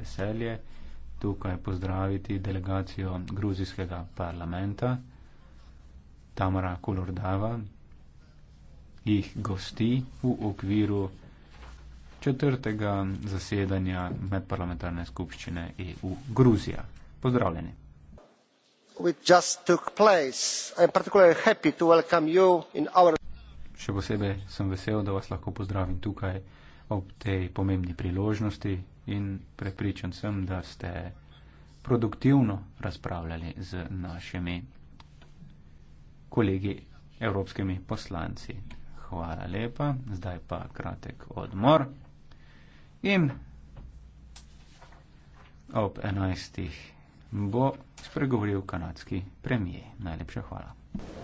veselje tukaj pozdraviti delegacijo gruzijskega parlamenta. Tamara Kulordava jih gosti v okviru četrtega zasedanja medparlamentarne skupščine EU Gruzija. Pozdravljeni. Še posebej sem vesel, da vas lahko pozdravim tukaj ob tej pomembni priložnosti in prepričan sem, da ste produktivno razpravljali z našimi kolegi evropskimi poslanci. Hvala lepa, zdaj pa kratek odmor in ob enajstih bo spregovoril kanadski premije. Najlepša hvala.